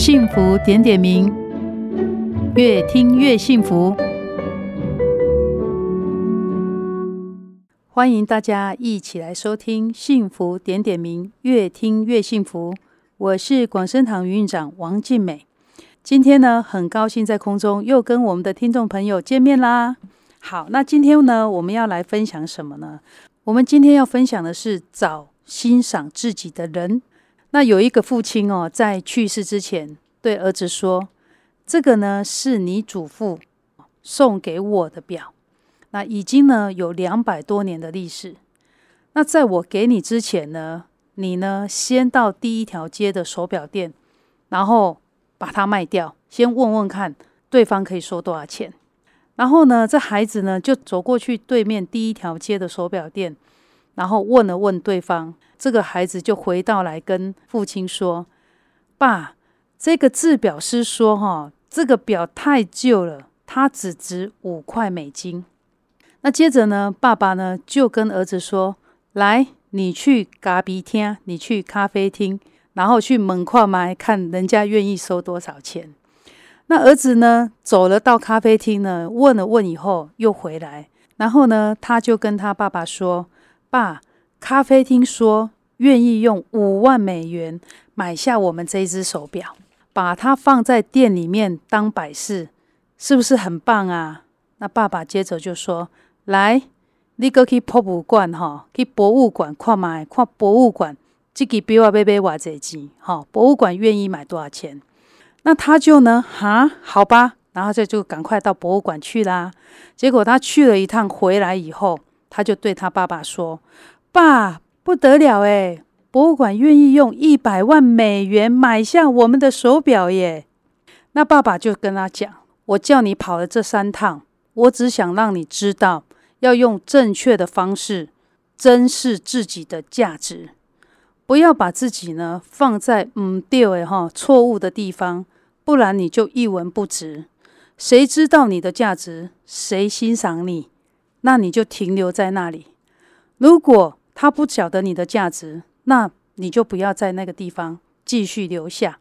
幸福點點名，越聽越幸福。歡迎大家一起來收聽《幸福點點名》，越聽越幸福。我是廣生堂營運長王靜美。今天呢，很高興在空中又跟我們的聽眾朋友見面啦。好，那今天呢，我們要來分享什麼呢？我們今天要分享的是找欣賞自己的人。那有一個父親哦，在去世之前對兒子說：“這個呢是你祖父送給我的表，那已經呢有兩百多年的歷史。那在我給你之前呢，你呢先到第一條街的手錶店，然後把它賣掉，先問問看對方可以收多少錢。然後呢，這孩子呢就走過去對面第一條街的手錶店。”然後問了問對方，這個孩子就回到來跟父親說：“爸，這個製錶師說哈，這個表太舊了，它只值五塊美金。”那接着呢，爸爸呢就跟兒子說：“來，你去咖啡廳，你去咖啡廳，然後去門框買，看人家願意收多少錢。”那兒子呢走了到咖啡廳呢，問了問以後又回來，然後呢他就跟他爸爸說。爸，咖啡廳說願意用五萬美元買下我們這一隻手錶，把它放在店裡面當擺飾，是不是很棒啊？那爸爸接着就說：“來，你 g 去博物館去博物館看買看，看博物館，自己 Bill 啊 b a 這支要買錢哈，博物館願意買多少錢？那他就呢，哈、啊，好吧，然後這就，就趕快到博物館去啦。結果他去了一趟，回來以後。”他就對他爸爸說：“爸，不得了誒，博物館願意用一百萬美元買下我們的手表耶。”那爸爸就跟他講：“我叫你跑了這三趟，我只想讓你知道，要用正確的方式珍視自己的價值，不要把自己呢放在嗯對哎哈錯誤的地方，不然你就一文不值。誰知道你的價值？誰欣賞你？”那你就停留在那裡。如果他不曉得你的價值，那你就不要在那個地方繼續留下。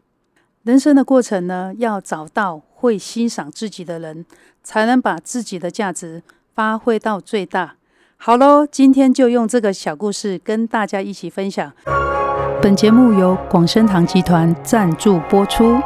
人生的過程呢，要找到會欣賞自己的人，才能把自己的價值發揮到最大。好嘍，今天就用這個小故事跟大家一起分享。本節目由廣生堂集團贊助播出。